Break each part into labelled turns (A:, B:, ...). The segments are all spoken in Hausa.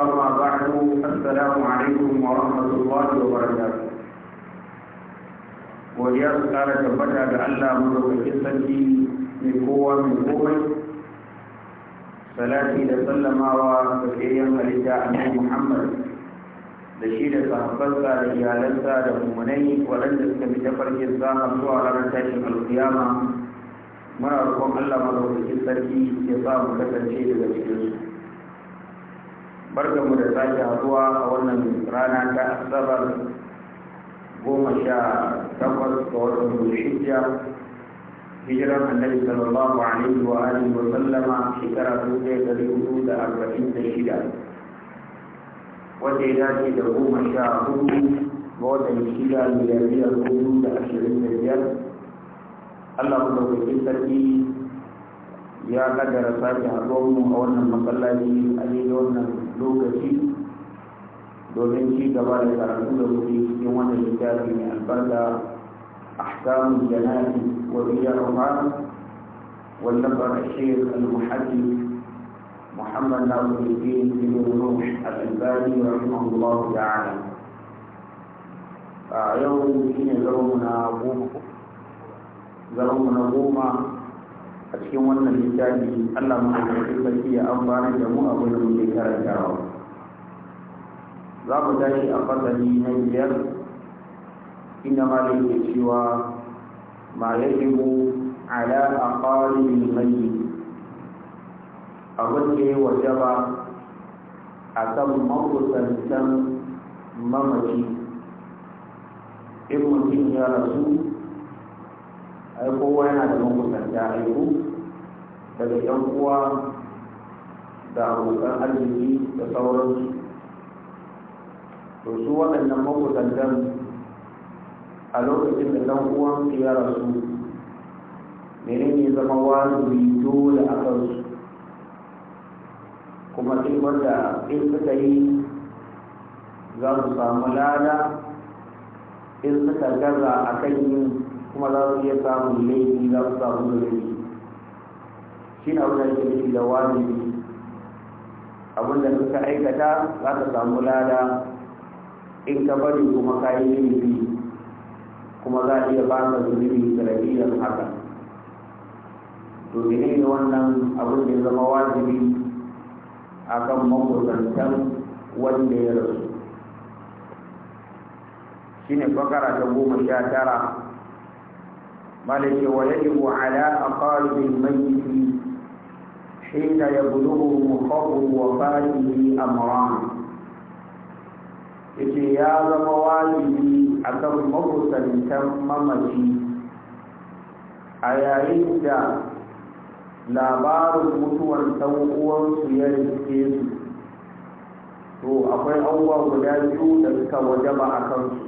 A: أما بعد السلام عليكم ورحمة الله وبركاته godiya su kara tabbata ga Allah madaukakin sarki mai kowa mai komai salati da sallamawa ga tsayayyen halitta annabi Muhammad da shi da sahabbansa da iyalansa da mummunai waɗanda suka bi tafarkin zama zuwa ranar tashin alkiyama muna roƙon Allah madaukakin sarki ya sa mu kasance daga cikinsu barkanmu da sake haduwa a wannan rana ta asabar goma sha takwas ga watan zulhijja hijiran annabi sallallahu alaihi wa alihi wa sallama shekara dubu ɗaya ɗari hudu da arba'in da shida wanda ya dace da goma sha hudu ga watan shida miliyar hudu da ashirin da biyar Allah kuma bai sarki ya kaddara sake haɗuwar mu a wannan masallaci a daidai wannan lokaci domin ci gaba da karatu da kuke cikin wannan littafi mai albarka ahkamul janabi wa biyaruha والنبر الشيخ المحدث محمد ناصر الدين بن نوح الألباني a الله تعالى يوم الدين زرمنا قوم na قوم a cikin wannan littafi Allah mu da ya amfana da mu abin da muke karantawa za mu tashi a fasali na biyar inda malam ke cewa ma yajibu ala aqalil mayyit abin da ya wajaba a kan makusantan mamaci in mutum ya rasu ai kowa yana da makusanta aiku daga yan uwa da abokan arziki da sauransu to su waɗannan makusantan a lokacin da ɗan uwan su ya rasu ne zama wajibi dole a kansu kuma duk wanda in suka yi za su samu lada in suka gaza a kan yin kuma za su iya samun laifi za su samu laifi. shine na da yake nufi da wajibi da suka aikata za ka samu lada in ka bari kuma ka yi laifi kuma za a iya ba ka zunubi rabiyar haka to ne wannan abin da ya zama wajibi akan makusantan wanda ya rasu shine bakara ta goma sha tara malake wa yajibu ala aqaribil mayyit حين يبلغه خطر وفاته أمران yake ya zama wajibi akan kan makusantan mamaci a yayin da labarin mutuwan uwansu ya riske su to akwai abubuwa guda biyu da suka wajaba a kansu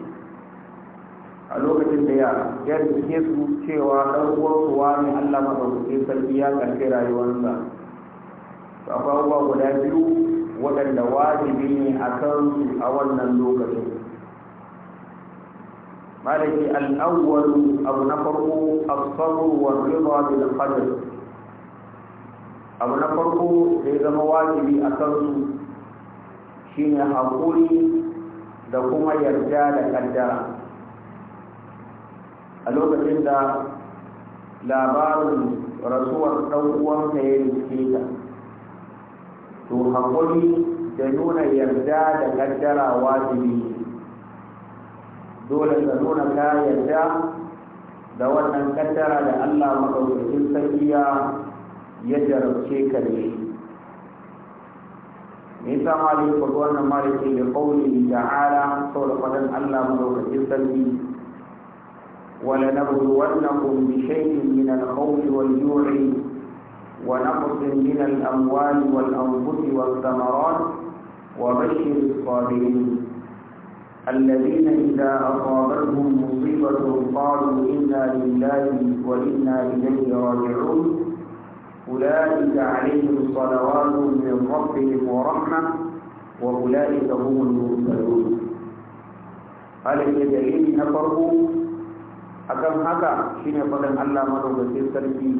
A: a lokacin da ya riske su cewa ɗan'uwansu wani allah maɗaukake sarki ya ƙarfi rayuwarsa abubuwa guda biyu waɗanda wajibi ne a kansu a wannan lokacin malaki al'awwal abu na farko asabu wa riba da abu na farko da ya zama wajibi a kansu shine haƙuri da kuma yarda da kaddara a lokacin da labarin rasuwar ɗan ya riske ta to haƙuri da nuna yarda da kaddara wajibi dole ka nuna ka yarda da wannan kaddara da Allah maɗaukakin sarkiya ya jarabce ka ne me yasa malai ku wannan malai ke da qawli ta'ala saboda fadan Allah maɗaukakin sarki ولنبلونكم بشيء من الخوف والجوع ونقص من الأموال والأنفس والثمرات وبشر الصابرين الذين إذا أصابتهم مصيبة قالوا إنا لله وإنا إليه راجعون أولئك عليهم صلوات من ربهم ورحمة وأولئك هم المرسلون قال ابن جرير نفره أكم هكا شنو فضل الله بسيطة في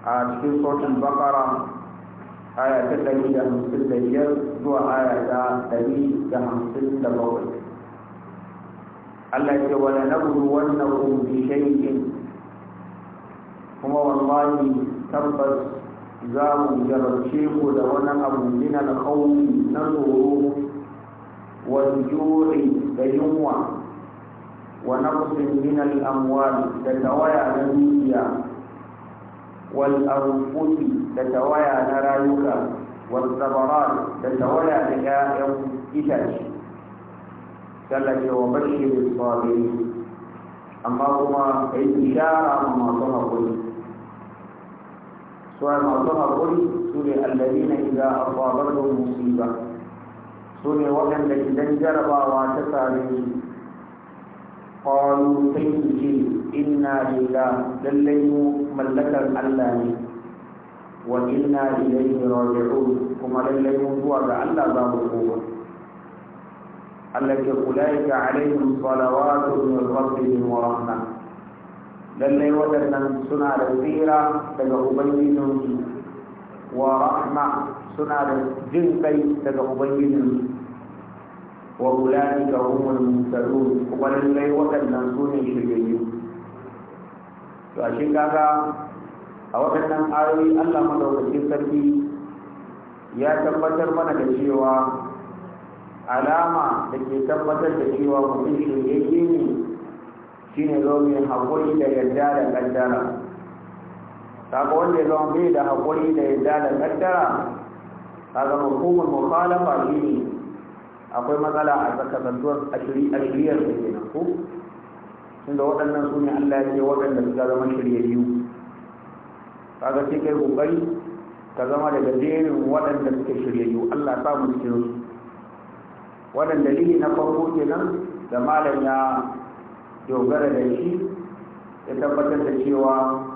A: a cikin sautin bakara aya ta da hamsin da biyar zuwa aya ta da hamsin da bakwai Allah ya ce na nabru wannan bi shaikin kuma wallahi tabbas za mu jarabce ku da wani abu min alkhawfi na tsoro wani juri da yunwa wa naqsin min al amwal da tawaya na dukiya wal'arufufi da tawaya na rayuka wal'abara da tawaya da ƙayayen itace tallacewa bashi da tsawabe amma kuma ka yi tushara masu haƙuri suwa masu haƙuri su ne allari na iza a ƙwabar da musu ba su ne waɗanda idan jarabawa ta tare su qalu sai su ce lallai mu mallakar Allah ne wa inna ilaihi raji'un kuma lallai mu ga Allah za mu koma Allah ke ulaika alaihim salawatu min rabbihim wa rahma lallai suna da tsira daga wa suna da jin kai daga ubangijinsu wa ulani ga umar musaru lallai waɗannan su ne to a shi kaga a waɗannan ayoyi allah madaukakin sarki ya tabbatar mana da cewa alama da ke tabbatar da cewa mutum shirye ne shine zo mai haƙuri da yarda da ƙaddara kaga wanda ya zama bai da haƙuri da yarda da ƙaddara kaga hukumar mukhalafa shine akwai matsala a zakasantuwar a shiriyar da ke nan ko inda waɗannan su ne allah ya ce waɗanda suka zama shiryayyu kaga ce kai kokari ka zama daga jerin waɗanda suke shiryayyu allah ta mu cikin su Waɗanda dalili na farko nan, da malam ya dogara da shi ya tabbatar da cewa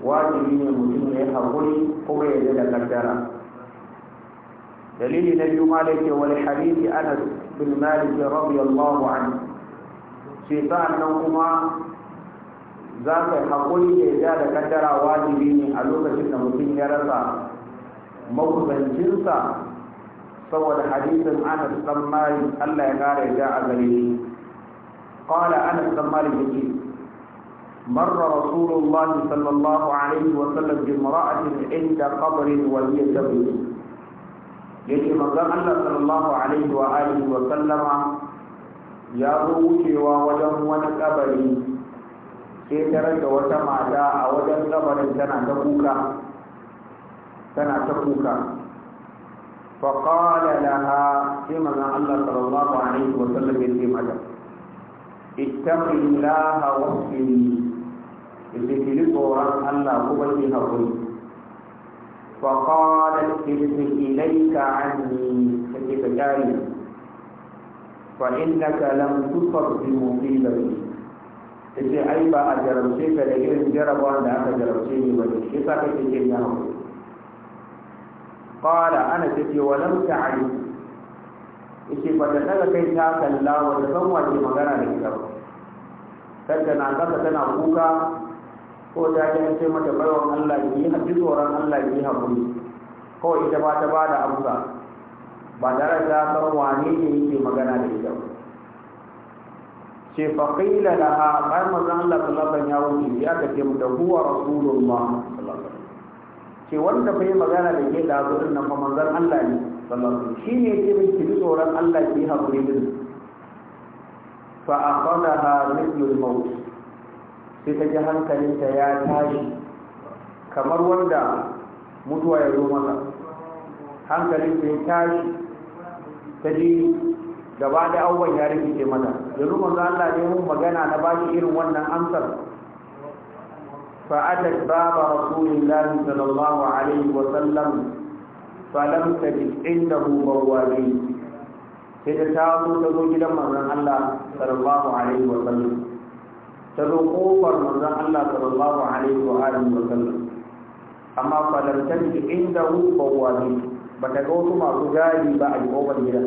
A: wajibi ne mutum ya haƙuri kuma ya da kaddara dalili na biyu malai ce wani hadisi anas bin malik radiyallahu anhu ce nan kuma za ka haƙuri ya ja da kaddara wajibi ne a lokacin da mutum ya rasa makusancinsa saboda hadisin anas dan malik Allah ya kare ja a gare shi qala anas dan malik yake marra rasulullahi sallallahu alaihi wa sallam bi imra'atin inda qabrin wa hiya tabki yake manzon Allah sallallahu alaihi wa alihi wa sallama ya zo wucewa wajen wani kabari sai tarar da wata mata a wajen kabarin tana ta kuka tana ta kuka فقال لها كما الله صلى الله عليه وسلم يتيما اتق الله واصبري اللي في الله كما يهوي فقالت ارجع إليك عني فإبدالي فإنك لم تصب بمصيبتي tace ai ba a jarabce ka da irin jarabawa da aka jarabce ni ba shi sa kake jin ya hawo qala ana tace wa lam ta'ali yace ba ta daga kai ta kalla wa ta san wace magana da ita ba sai tana tana kuka ko ta ji ce mata baiwan Allah ya yi tsoron Allah yi haƙuri kawai ita ba ta ba da amsa ba da san wane ne yake magana da ita ce fa qila laha bai Allah sallallahu alaihi ya wuce ya kace da huwa rasulullah sallallahu alaihi wasallam ce wanda fa yi magana da ke da azurin nan fa manzon Allah ne sallallahu alaihi wasallam shine yake mai bi tsoron Allah ki haƙuri din fa akhadaha maut sai ta ji hankalinta ya tashi kamar wanda mutuwa ya zo masa hankalinta ya tashi ta ji gaba da awon ya rikice mata yanzu za Allah ne mun magana na bashi irin wannan amsar فأتت باب sallallahu alaihi wa sallam عليه وسلم فلم inda عنده بوابين sai da ta zo ta zo gidan manzan Allah sallallahu alaihi wa sallam ta zo kofar manzon Allah sallallahu alaihi wa alihi wa sallam amma falam tajid indahu ba bata ga wasu masu gadi ba a kofar gidan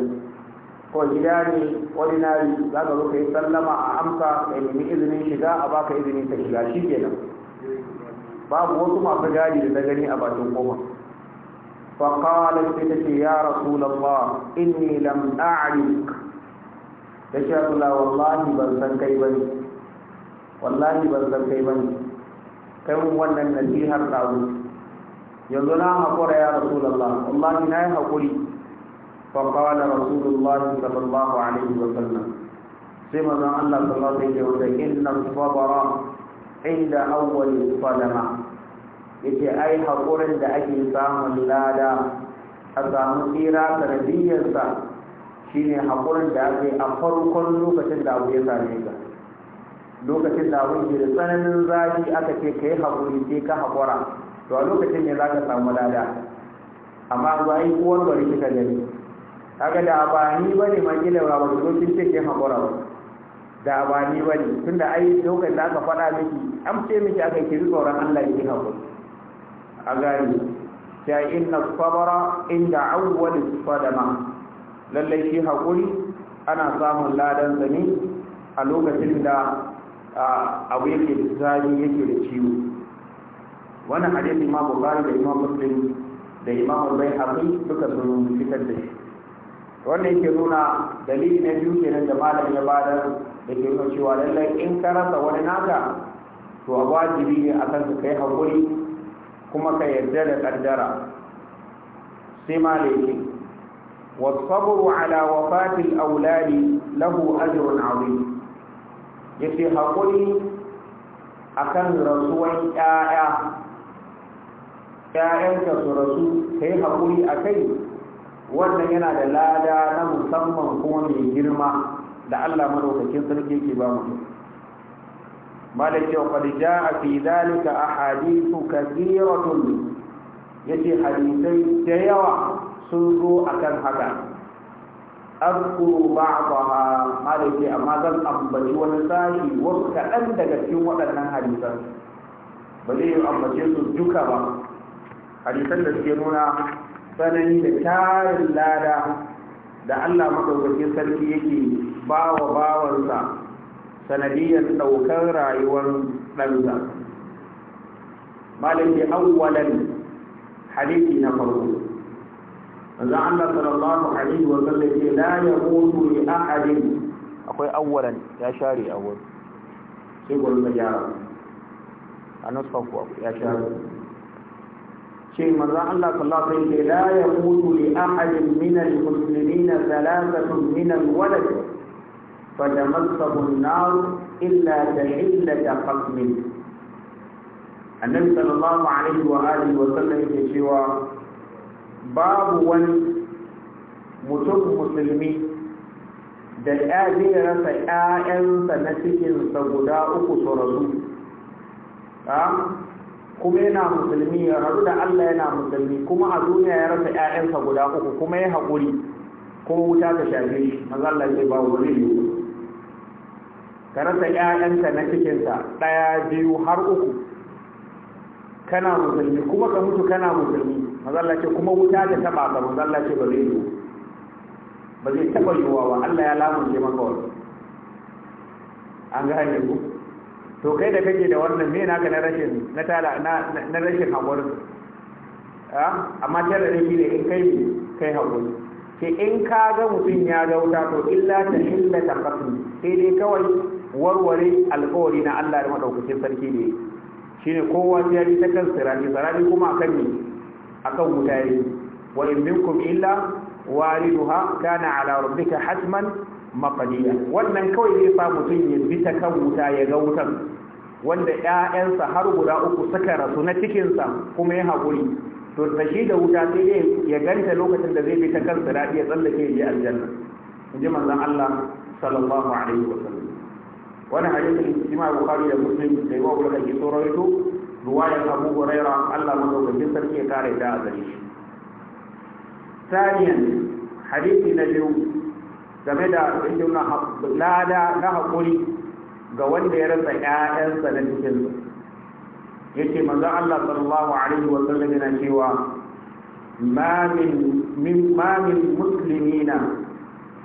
A: ko gida ne ordinary za ka zo ka yi sallama a amsa ka nemi izinin shiga a baka izinin ka shiga shi kenan babu wasu masu gadi da ta gani a bakin kofar فقالت تتي يا رسول الله إني لم أعرفك تشاء الله والله بل سنكي بني wallahi ban san kai bane kai mun wannan nasihar da yanzu na haƙura ya rasulullah wallahi na yi haƙuri فقال رسول الله صلى الله عليه وسلم سمع الله صلى الله عليه وسلم إن الصبر عند أول الصدمة yace ai haƙurin da ake samun lada a samu tsira sanadiyyarsa shine haƙurin da ake a farkon lokacin da abu ya same ka lokacin da abin ke da tsananin zafi aka ce ka yi haƙuri sai ka haƙura to a lokacin ne za ka samu lada amma ba yi uwar gari kika gani Haka da ba ni ba ne makila ba ba zo lokacin ce ke haƙura ba da ba ni ba ne tun da ai lokacin da aka faɗa miki an ce miki aka yi kiri tsoron Allah ki haƙuri a gani ta inna sabara inda awwal sadama lallai shi haƙuri ana samun ladan sa ne a lokacin da abu yake da tsari yake da ciwo Wani hadisi imam bukhari da imam muslim da imam al-baihaqi duka sun fitar da shi wannan yake nuna dalili na biyu kenan da malam ya bada da ke nuna cewa lallai in ka rasa wani naka to a wajibi ne a kansa kai haƙuri kuma ka yarda da ƙaddara sai malaki والصبر على وفاة الأولاد له أجر عظيم ya hakuri haƙuri a kan rasuwan ƴaƴa su rasu ka yi haƙuri a kai wannan yana da lada na musamman kuma mai girma da allah maɗaukakin sarki ke ba mutum مالك وقد tun ya ce أحاديث كثيرة yawa sun zo a kan haka. أذكر بعضها مالك أما ذن أمبتي ونساهي daga cikin waɗannan حديثا بلي أمبتي سجك با حديثا تسكنونا سنني لكار اللادا da Allah madaukakin sarki yake bawa bawansa sanadiyar ɗaukar rayuwar ɗansa malaki awwalan hadisi na farko لعل صلى الله عليه وسلم لا يموت لأحد أخوي أولا يا شاري أول سيقول المجارة أنا صفوة يا شاري شيء من رأى الله صلى الله عليه وسلم لا يموت لأحد من المسلمين ثلاثة من الولد فتمسه النار إلا تحلة قسم النبي صلى الله عليه وآله وسلم في يقول babu wani mutum musulmi da ya rasa ƴaƴansa na cikinsa guda uku su rasu kuma yana musulmi ya rasu da Allah yana musulmi kuma a duniya ya rasa ƴaƴansa guda uku kuma ya haƙuri kuma wuta ta shafe shi maza Allah zai ba wani yiwu ka rasa ƴaƴanka na cikinsa ɗaya biyu har uku kana musulmi kuma ka mutu kana musulmi mazalla ce kuma wuta da taba ka mazalla ce ba zai yi ba zai taba yiwuwa ba Allah ya lamunce maka wani an gane ku to kai da kake da wannan me naka na rashin na tala na rashin hakuri amma tare da shi ne in kai kai hakuri sai in ka ga mutum ya ga wuta to illa ta illa ta qasim sai dai kawai warware alƙawari na Allah da madaukakin sarki ne shine kowa ya yi ta kan sirani sirani kuma akan ne akan wuta ya wa in minkum illa wariduha kana ala rabbika hatman maqdiya wannan kawai zai sa mutum ya bi ta kan wuta ya ga wutan wanda ƴaƴansa har guda uku suka rasu na cikinsa kuma ya haƙuri to da shi da wuta sai dai ya ganta lokacin da zai bi ta kansa da ya tsallake ya je aljanna in ji manzon Allah sallallahu alaihi wa wannan hadisin Imam Bukhari da Muslim da Imam Bukhari ke rawaito ruwayar abu huraira allah madaukakin sarki ya kare da a gare shi saniyan hadisi na biyu game da rikin lada na haƙuri ga wanda ya rasa ƴaƴansa na cikin yake manzon allah sallallahu alaihi wa sallam yana cewa ma min ma min muslimina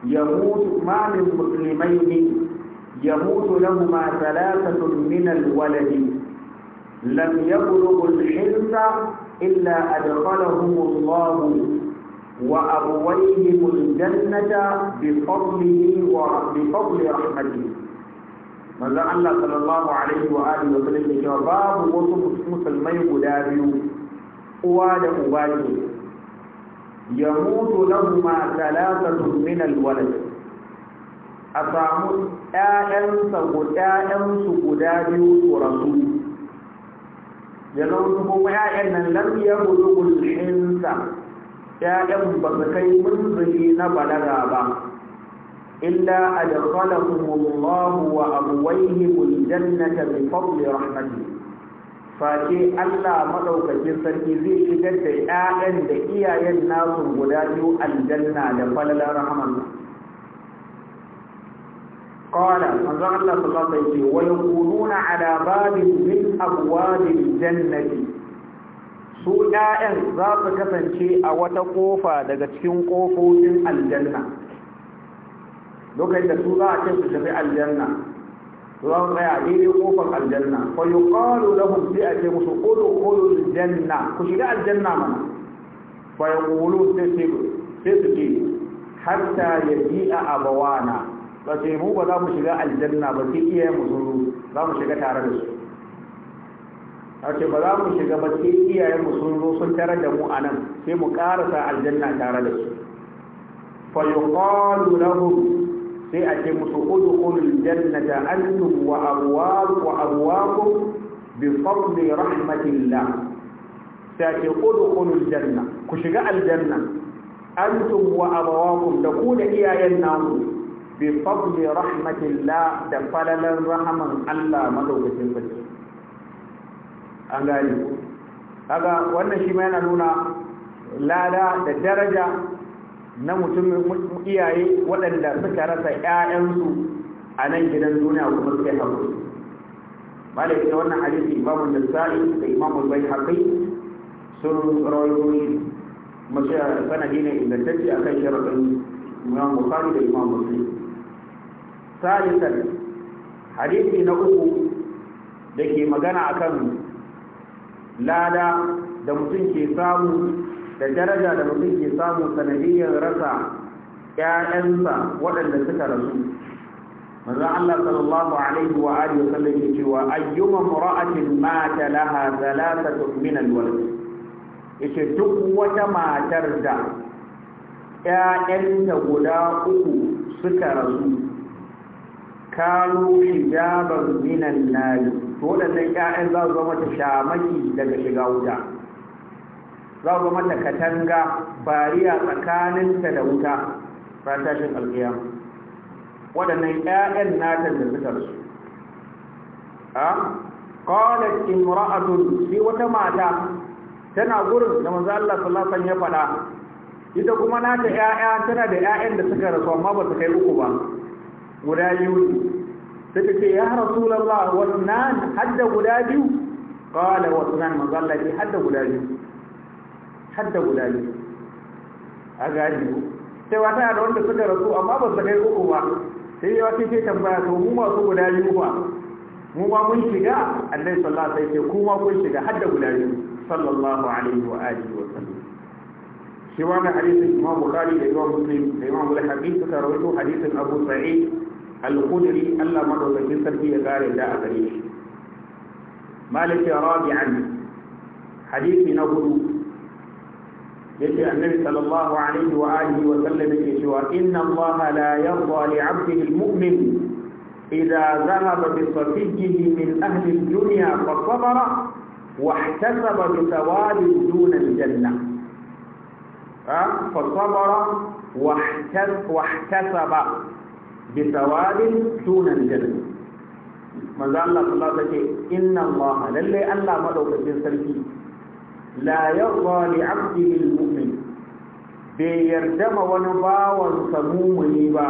A: يموت ما من مسلمين يموت لهما لم يبلغ الحلم إلا أدخلهم الله وأبويهم الجنة بفضله وبفضل رحمته manzon Allah sallallahu alaihi wa alihi wa sallam cewa babu wasu mai guda biyu uwa da uba ne ya mutu lahuma thalathatu min alwalad a samu ƴaƴansa guda guda biyu su rasu Da zama kuma ya'yan nan lam ya bulughul ya'yan ba su kai munzili na balaga ba illa adkhalahumullahu wa abwayhim aljannata bi fadli rahmatihi face Allah madaukakin sarki zai shigar da 'ya'yan da iyayen nasu guda biyu aljanna da falalar rahmansa qala manzo Allah sallallahu alaihi wa yaquluna ala babin min abwabil jannati su ƴaƴan za su kasance a wata ƙofa daga cikin ƙofofin aljanna lokacin da su za a ce su tafi aljanna za su tsaya daidai ƙofar aljanna fa yuqalu lahum sai a ce musu udkhulu aljanna ku shiga aljanna mana fa yaqulu sai su ce hatta a abawana ba sai mu ba za mu shiga aljanna ba sai iyayen mu sun za mu shiga tare da su ake ba za mu shiga ba sai iyayen mu sun zo sun tare da mu sai mu karasa aljanna tare da su sai a ce musu udkhulul jannata antum wa abwaab wa abwaakum bi fadli rahmatillah sai a ce udkhulul janna ku shiga aljanna antum wa abwaakum da ku da iyayen namu bi fadli rahmatillah da falalan rahaman Allah madaukakin sarki an gani kaga wannan shi ma yana nuna lada da daraja na mutumin iyaye waɗanda suka rasa ƴaƴansu a nan gidan duniya kuma suka haƙuri malai ita wannan hadisi imamu nasa'i da imamu bai haƙi sun rawayoyi masu sanadi ne ingantacce akan kan sharaɗin imam bukhari da imam muslim salisan hadisi na uku da ke magana akan lada da mutum ke samu da daraja da mutum ke samu sanadiyyar rasa ‘ya'yansa waɗanda suka rasu manzan sallallahu alaihi wa alihi cewa ayyuma mura'atin mata laha duk wata matar da ‘ya'yanta guda uku suka rasu kalu hijaban minan nari to waɗannan ƴaƴan za su zama ta shamaki daga shiga wuta za su zama ta katanga bariya tsakaninta da wuta ran tashin alƙiyama waɗannan ƴaƴan natan da suka su a qalat imra'atun sai wata mata tana gurin da manzo Allah sallallahu alaihi wasallam ya faɗa ita kuma nata ƴaƴa tana da ƴaƴan da suka rasu amma ba su kai uku ba guda biyu sai ta ce ya wasu wannan hadda guda biyu wasu wannan mazallabi hadda guda biyu hadda guda biyu a ne. sai wata da wanda suka rasu amma ba su kai uku ba sai yi wata ce tambaya to mu masu guda biyu ba mu ba mun shiga Allai sallallahu alaihi wasallam sai kuma kun shiga hadda guda biyu sallallahu alaihi wa alihi wa sallam shi wannan hadisin Imam Bukhari da Imam Muslim da Imam Al-Hakim suka rawaito hadisin Abu Sa'id الخدري ألا مرة تجسر فيه قال لا أدري مالك رابعا حديث من أبو يجي النبي صلى الله عليه وآله وسلم يشوى إن الله لا يرضى لعبده المؤمن إذا ذهب بصفيه من أهل الدنيا فصبر واحتسب بثواب دون الجنة فصبر واحتسب bisawabin sunan janna manzo Allah sallallahu alaihi wasallam inna Allah lalle Allah madaukakin sarki la yarda li 'abdihi al-mu'min bai yarda ma wani bawan sa mumuni ba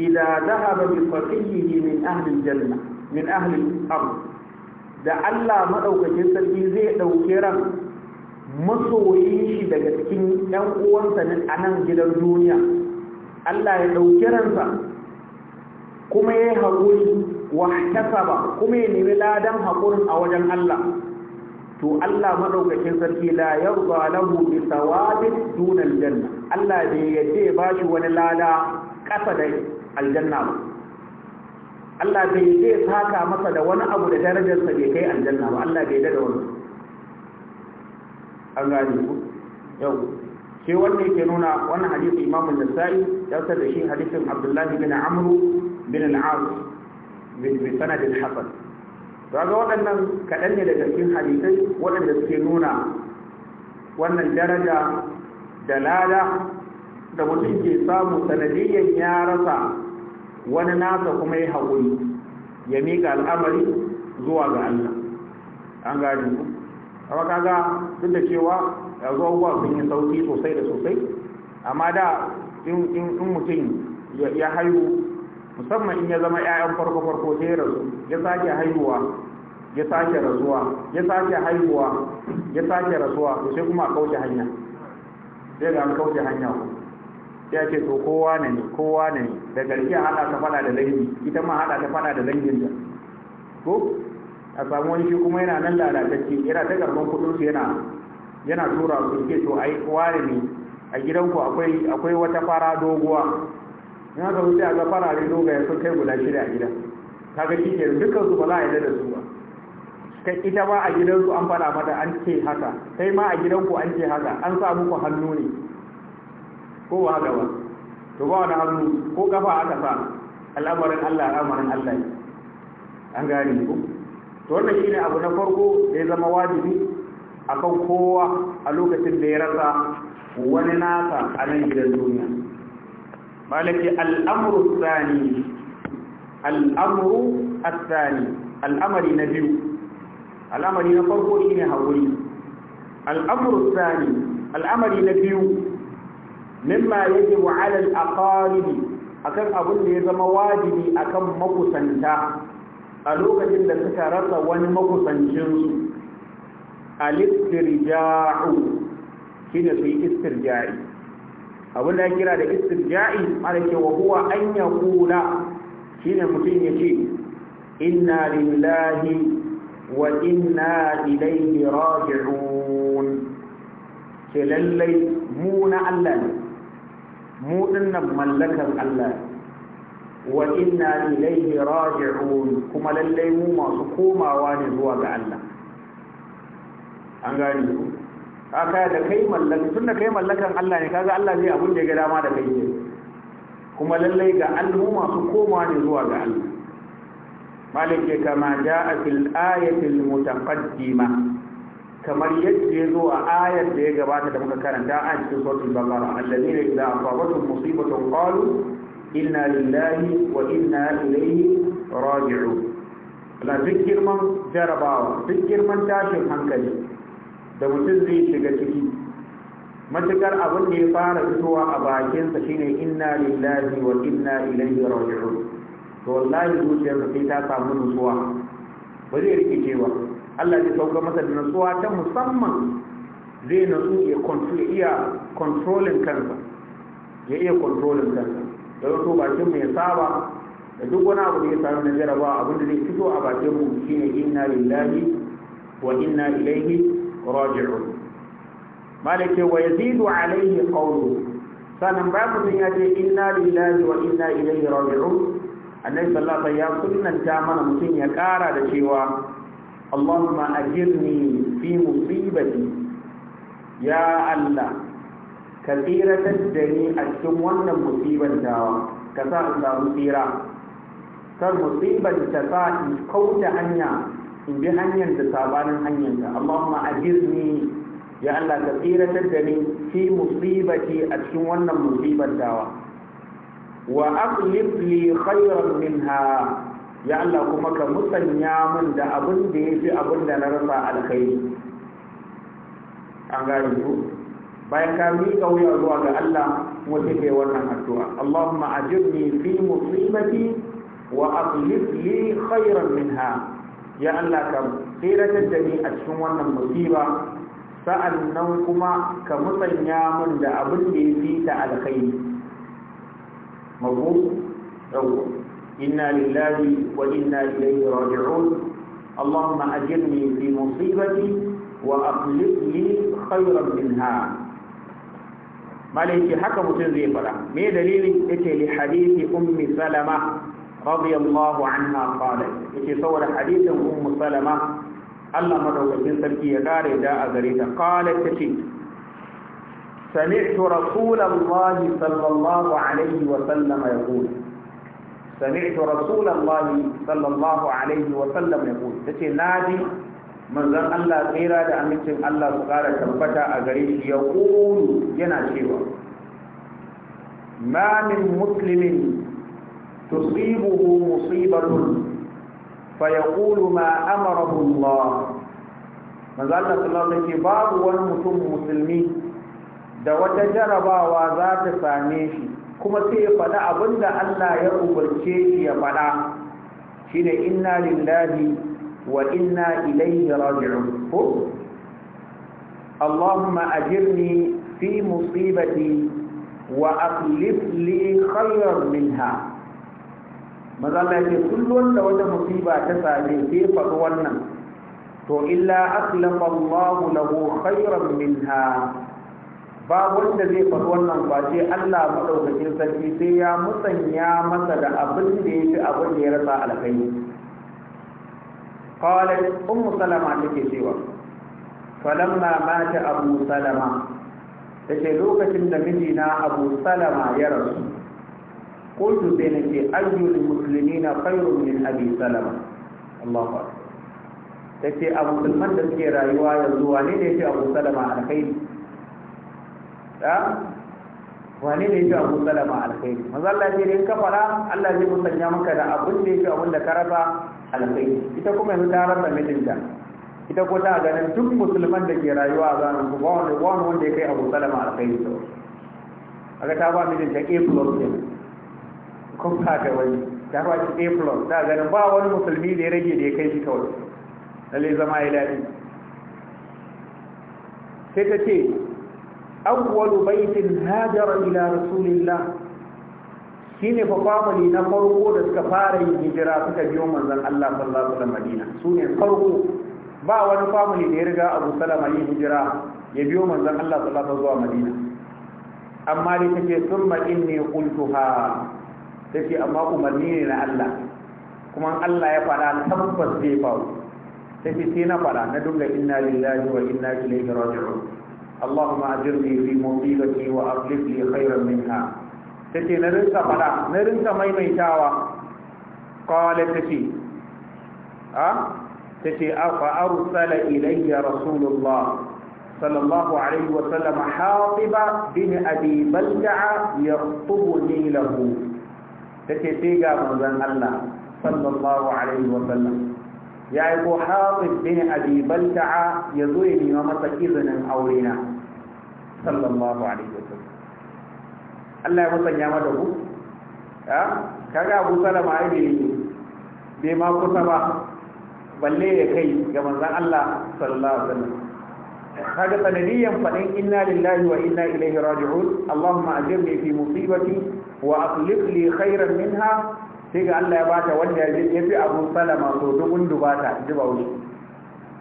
A: idza dhahaba bi faqihi min ahli al-janna min ahli al-ard da Allah madaukakin sarki zai dauke ran masoyin shi daga cikin 'yan uwansa a nan gidan duniya Allah ya ɗauki ransa kuma ya yi haƙuri wa ba kuma ya nemi ladan haƙurin a wajen Allah to Allah madaukakin sarki la yarda lahu bi thawabin duna aljanna Allah bai yadda ya bashi wani lada kasa da aljanna ba Allah bai yadda ya saka masa da wani abu da darajar sa bai kai aljanna ba Allah bai yadda da wani an gane ku yau sai wanne ke nuna wannan hadisi Imam Nasa'i ya sa da shi hadisin Abdullahi bin Amru? bin al bin bi sanadin hasan daga waɗannan kaɗan ne daga cikin hadisai waɗanda suke nuna wannan daraja da lada da mutum ke samu sanadiyyan ya rasa wani nasa kuma ya haƙuri ya mika al'amari zuwa ga Allah an gani amma kaga duk da cewa zuwa abubuwa sun yi sauki sosai da sosai amma da in mutum ya haihu musamman in ya zama 'ya'yan farko farko sai rasu ya sake haihuwa ya sake rasuwa ya sake haihuwa ya sake rasuwa to sai kuma a kauce hanya sai ga an kauce hanya ku ya ce to kowa ne ne kowa ne ne da garki a hada ta faɗa da dangi ita ma hada ta faɗa da dangin ta ko a samu wani shi kuma yana nan lalatacce yana ta karɓar kudin su yana yana tura su ke to ai ware ne a gidanku akwai akwai wata fara doguwa in haka wuce a ga farare ya sun kai guda shida a gida ga shi ke dukkan su ba za a yi da su ba kai ita ba a gidansu an fara mata an ce haka kai ma a gidanku an ce haka an sa muku hannu ne ko ba haka ba to ba wani hannu ko kafa aka sa al'amarin Allah al'amarin Allah ne an gane ku to wannan ne abu na farko da ya zama wajibi akan kowa a lokacin da ya rasa wani nasa a nan gidan duniya malaki al'amuru tsani al'amuru tsani al'amari na biyu al'amari na farko shi ne haƙuri al'amuru tsani al'amari na biyu mimma yake wa'alar aƙaribi a kan abin da ya zama wajibi a kan makusanta a lokacin da suka rasa wani makusancinsu alistirja'u shi ne su yi istirja'i abin da ya kira da istirja'i ana ce wa huwa an ya kula shi ne mutum ya ce inna lillahi wa inna ilaihi raji'un ce lallai mu na Allah ne mu dinnan mallakar Allah wa inna ilaihi raji'un kuma lallai mu masu komawa ne zuwa ga Allah an gane ku haka da kai mallaka tunda kai mallakan Allah ne kaga Allah zai abun da ya ga dama da kai kuma lallai ga al'umma su koma ne zuwa ga Allah malik ya kama jaa fil ayatil mutaqaddima kamar yadda ya zo a ayar da ya gabata da muka karanta a cikin suratul baqara alladheena idza asabatuhum musibatun qalu inna lillahi wa inna ilayhi raji'un la duk jarabawa duk girman tashin hankali da mutum zai shiga ciki matukar abin da ya fara fitowa a bakinsa shine inna lillahi wa inna ilaihi raji'un to wallahi zuciyarsa sai ta samu nutsuwa ba zai rikice ba Allah zai sauka masa da nutsuwa ta musamman zai nutsu ya iya controlling kansa ya iya controlling kansa da wato bakin mai saba da duk wani abu da ya samu na jarabawa abin da zai fito a bakin mu shine inna lillahi wa inna ilaihi raji'un malike wa yazidu alayhi qawlu sanan babu din yace ce lillahi wa inna ilayhi raji'un annabi sallallahu alaihi wasallam ya sunnanta mana mutum ya kara da cewa Allahumma ajirni fi musibati ya Allah ka tsiratar da a cikin wannan musibar dawa ka sa in tsira kar musibar ta sa in kauta hanya in bi hanyar da sabanin hanyarka Allahumma ni ya Allah ka tsiratar da ni fi musibati a cikin wannan musibar dawa wa aqlib li khayran minha ya Allah kuma ka musanya min da abin da yafi abin da na rasa alkhairi an gane ku bayan ka miƙa wuya zuwa ga Allah kuma sai kai wannan addu'a Allahumma ajirni fi musibati wa aqlib li khayran minha ya Allah ka tsiratar da ni a cikin wannan musiba nan kuma ka musanya min da abin da ya fi ta alkhairi mabu yawwa inna lillahi wa inna ilaihi raji'un allahumma ajirni fi musibati wa akhlif li khayran minha malaki haka mutum zai fara me dalilin yace li hadisi ummi salama radiyallahu anha qalat yake saboda hadisin ummu salama Allah madaukakin sarki ya kare da a gare ta qalat tace sami'tu rasulullahi sallallahu alaihi wa sallam yaqul sami'tu rasulullahi sallallahu alaihi wa sallam yaqul tace naji manzon Allah tsira da amincin Allah su kara tabbata a gare shi ya kulu yana cewa ma min تصيبه مصيبة فيقول ما أمره الله مازال صلى الله عليه باب والمتم مسلمين da wata jarabawa za ta same shi kuma sai ya faɗa abin da Allah ya umarce shi ya faɗa shi ne inna lillahi wa inna ilaihi raji'un ko Allahumma ajirni fi musibati wa aqlif li khayran minha maza Allah ce kullum da wata musiba ta same sai faɗi wannan to illa aslafa Allahu lahu khairan minha ba wanda zai faɗi wannan ba sai Allah madaukakin sarki sai ya musanya masa da abin da ya fi abin da ya rasa alkhairi qalat ummu salama take cewa falamma mata abu salama tace lokacin da mijina abu salama ya rasu قلت بين أي المسلمين خير من أبي سلمة الله أكبر تكي أبو سلمان تكي رايوا يزواني ليش أبو سلمة على خير wane ne shi abu salama alkhairi maza Allah ce in ka fara Allah zai sanya maka da abin da yake abin da ka rasa alkhairi ita kuma yanzu ta rasa mijinta ita ko ta ganin duk musulman da ke rayuwa a zanen ku ba wani wanda ya kai abu salama alkhairi to aka ta ba mijinta a plus din kun kaga wani da ba shi a plus da ganin ba wani musulmi da ya rage da ya kai shi kawai lalle zama ya daɗi sai ta ce wani baitin hajara ila rasulillah shine fa family na farko da suka fara yin hijira suka biyo manzon Allah sallallahu alaihi wasallam Madina sune farko ba wani family da ya riga Abu Salama yin hijira ya biyo manzon Allah sallallahu alaihi zuwa Madina amma dai take summa inni qultuha ta ce amma umarni ne na Allah kuma Allah ya faɗa tabbas zai faru ta ce sai na faɗa na dunga inna lillahi wa inna ilaihi raji'un Allahumma ajirni fi musibati wa akhlif li khairan minha ta ce na rinka fada na rinka maimaitawa qala ta ce a ta ce صلى الله عليه وسلم حاطب بن أبي بلدع يخطبني له tace sai ga manzon Allah sallallahu alaihi wa sallam ya yi ko Hafiz bin Abi Balta'a ya zo ya nima masa izinin aurena sallallahu alaihi wa sallam Allah ya musanya mada ku ha kaga Abu Salama ai bai bai ma kusa ba balle ya kai ga manzon Allah sallallahu alaihi wa sallam kaga sanadiyan fadin inna lillahi wa inna ilaihi raji'un Allahumma ajirni fi musibati wa aslif li khairan minha sai ga Allah ya bata wanda ya fi abu salama so dubun dubata ji ba wuri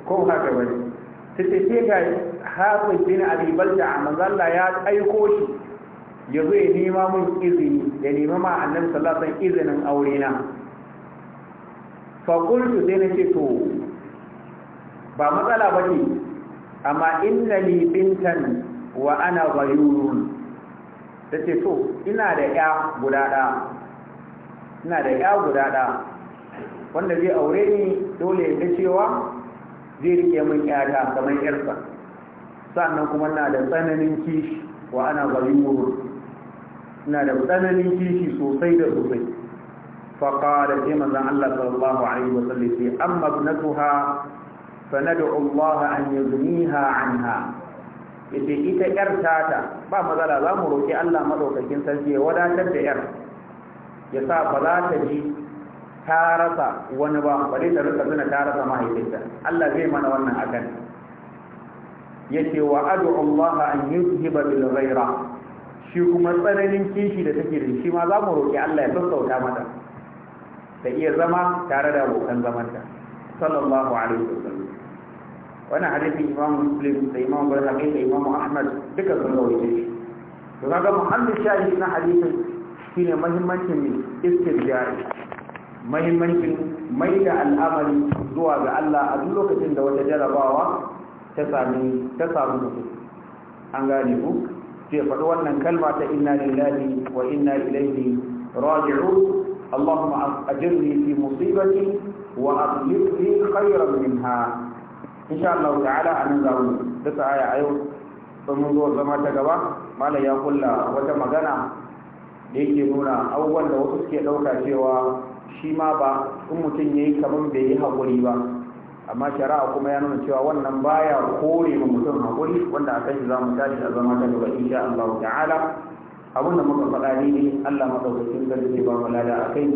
A: ko haka bane sai sai ga hafiz bin abi balta manzo Allah ya aiko shi ya zo ya nema mun izini ya nema ma annabi sallallahu alaihi wasallam izinin aure na fa qultu sai nace to ba matsala bace amma inna li bintan wa ana ghayurun ta ce to ina da ya guda ɗa ina da ya guda ɗa wanda zai aure ni dole ya cewa zai rike min ta kamar 'yarsa. sannan kuma na da tsananin kishi wa ana gariwuru ina da tsananin kishi sosai da sosai faƙaɗa sai manzan Allah sallallahu alaihi wa sallam sai amma ibnatuha fa nad'u Allah an yuzniha anha yace ita 'yarta ta. ba matsala za mu roƙi Allah maɗaukakin sarki ya wadatar da yar ya sa ba za ta ji ta rasa wani ba bare ta rasa zina ta rasa mahaifinta Allah zai mana wannan akan ce wa adu Allah an Hiba bil ghaira shi kuma tsananin kishi da take da shi ma za mu roƙi Allah ya sassauta mata ta iya zama tare da abokan zamanta sallallahu alaihi wasallam وانا عارف امام مسلم زي امام بيهقي زي امام احمد دكا زلوي دي فغا محمد الشاهد في حديث فيه مهمه من استرجاعي مهمه ميل الامل دوى الله ادو لوكتين دا وتا جرباوا تسامي تسامي ان غاني بو في فدو wannan kalma ta inna lillahi wa inna اللهم اجرني في مصيبتي واغفر خيرا منها insha Allah ta'ala a nan zamu dasa aya a yau sun mun zo zama ta gaba malam ya kulla wata magana da yake nuna abubuwan da wasu suke ɗauka cewa shi ma ba in mutum ya yi kamar bai yi hakuri ba amma shari'a kuma ya nuna cewa wannan baya kore ma mutum hakuri wanda a kai za mu tashi a zama ta gaba insha Allah ta'ala abin da muka faɗa ne Allah madaukakin sarki ba mu lada a kai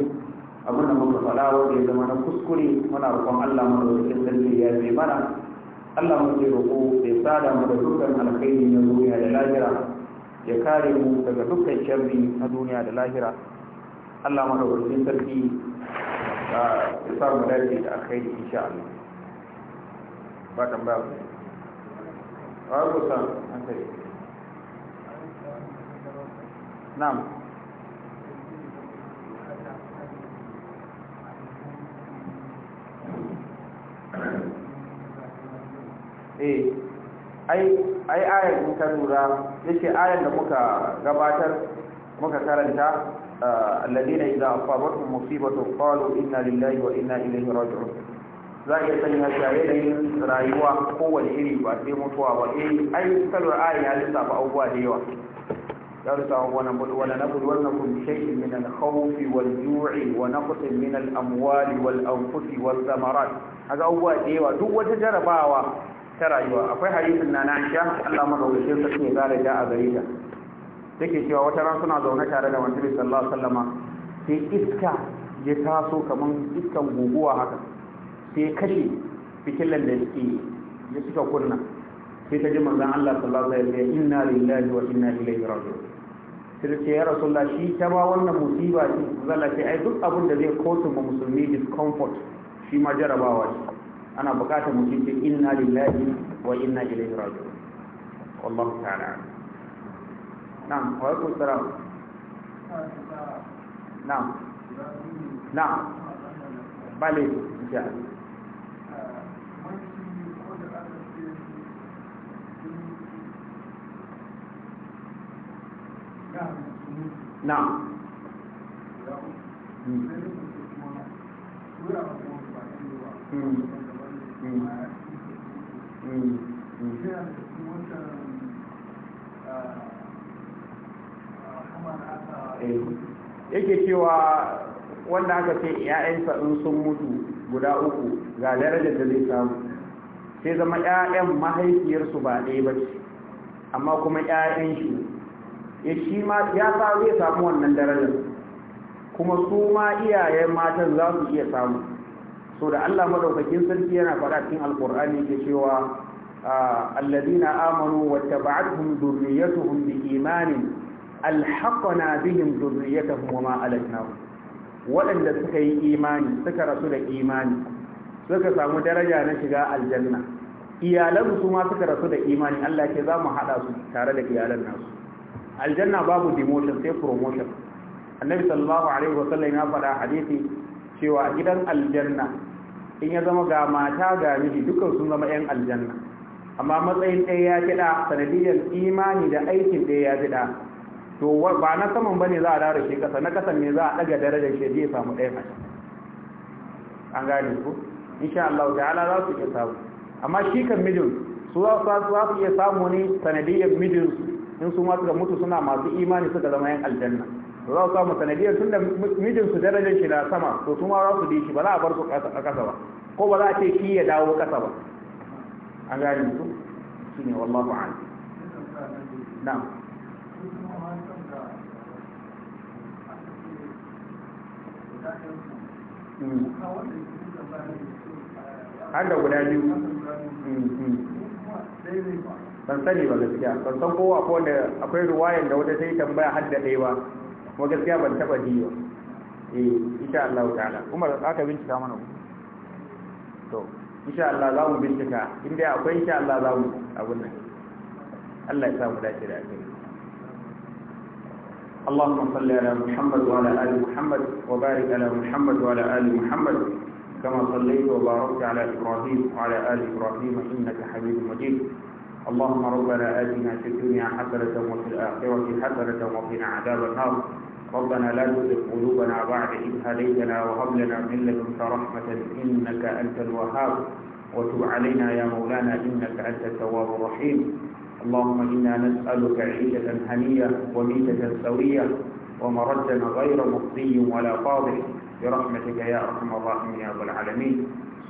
A: abin da muka faɗa wanda ya zama na kuskure muna roƙon Allah mu da cikin dalili ya bi mana Allah mu ke roƙo ya sada mu da dukkan alkhairi na duniya da lahira ya kare mu daga dukkan sharri na duniya da lahira Allah mu da cikin sarki ah, ya sa mu dace da alkhairi insha Allah ba tambaya ba ba ku san an kai na'am eh ai ayar in ka lura yace ayar da muka gabatar muka karanta eh, alladina idza asabatuhum musibatu qalu inna lillahi wa inna ilaihi raji'un za a iya sanya tare da yanayin rayuwa wani iri ba sai mutuwa ba eh ai kalwar ayar ya lissafa abubuwa da yawa ya lissafa wani budu wani na budu wani kun shayi min alkhawfi wal ju'i wa naqsin min al amwali wal anfusi wal thamarat kaga abubuwa da yawa duk wata jarabawa ta rayuwa akwai hadisin na na sha Allah madaukakin sa ya zara da a gari ta take cewa wata ran suna zaune tare da mantabi sallallahu alaihi wasallama sai iska ya taso kaman iskan guguwa haka sai kashe fitilan da yake ya suka kunna sai ta ji manzon Allah sallallahu alaihi wasallam inna lillahi wa inna ilaihi raji'un sai ce ya rasulullah shi ta ba wannan musiba ce zalla sai ai duk abin da zai kotu ma musulmi discomfort shi ma jarabawa ce ana bukatar mutum ce inna lillahi wa inna ilaihi raji'un wallahu ta'ala na'am wa alaikum salam na'am na'am bale insha Na'am. Na'am. Eh, yake cewa wanda aka ce ‘ya'yansa in sun mutu guda uku ga darajar da zai samu sai zama ‘ya'yan mahaifiyarsu ba ɗaya ba ce amma kuma ‘ya'yan shi ya eh, shi ma ya sa zai samu wannan darajar kuma su ma iyayen matan za su iya samu so da Allah madaukakin sarki yana faɗa cikin alqur'ani ke cewa ah, alladhina amanu wattaba'atuhum dhurriyyatuhum biimanin alhaqna bihim dhurriyyatahum ma alatnahum waɗanda suka yi imani suka rasu da imani suka samu daraja na shiga aljanna iyalansu ma suka rasu da imani Allah ke za mu haɗa su tare da iyalan nasu aljanna babu demotion sai promotion annabi sallallahu alaihi wasallam ya faɗa hadisi cewa gidan aljanna in ya zama ga mata ga miji dukkan sun zama 'yan aljanna amma matsayin ɗaya ya kiɗa sanadiyar imani da aikin ɗaya ya kiɗa to ba na saman ba ne za a dara shi ƙasa na ƙasa ne za a ɗaga darajar shi zai samu ɗaya mace an gane ku insha Allah ta'ala za su iya samu amma shi kan mijin su za su iya samu ne sanadiyar mijin in su ma suka mutu suna masu imani suka zama 'yan aljanna to za su samu sanadiyar tun da mijinsu darajar shi na sama to su ma za su bi ba za a bar su a ƙasa ba ko ba za a ce shi ya dawo ƙasa ba an gane mutum shi ne ba an na har da guda biyu hmm, hmm. ban sani ba gaskiya ban san kowa ko akwai ruwayan da wata ta yi tambaya har da ɗaya ba kuma gaskiya ban taba jiwa eh insha Allah ta'ala Umar aka bincika mana to insha Allah za mu bincika inda akwai insha Allah za mu abun nan Allah ya dace da اللهم صل على محمد وعلى ال محمد وبارك على محمد وعلى ال محمد كما صليت وباركت على ابراهيم وعلى ال ابراهيم انك حميد مجيد اللهم ربنا آتنا في الدنيا حسنة وفي الآخرة حسنة وقنا عذاب النار ربنا لا تزغ قلوبنا بعد إذ هديتنا وهب لنا من لدنك رحمة إنك أنت الوهاب وتب علينا يا مولانا إنك أنت التواب الرحيم اللهم إنا نسألك عيشة هنية وميتة سوية ومردنا غير مفضي ولا فاضح برحمتك يا أرحم الراحمين يا رب العالمين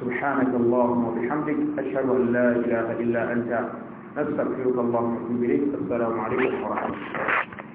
A: سبحانك اللهم وبحمدك أشهد أن لا إله إلا أنت نستغفرك اللهم وأتوب إليك السلام عليكم ورحمة الله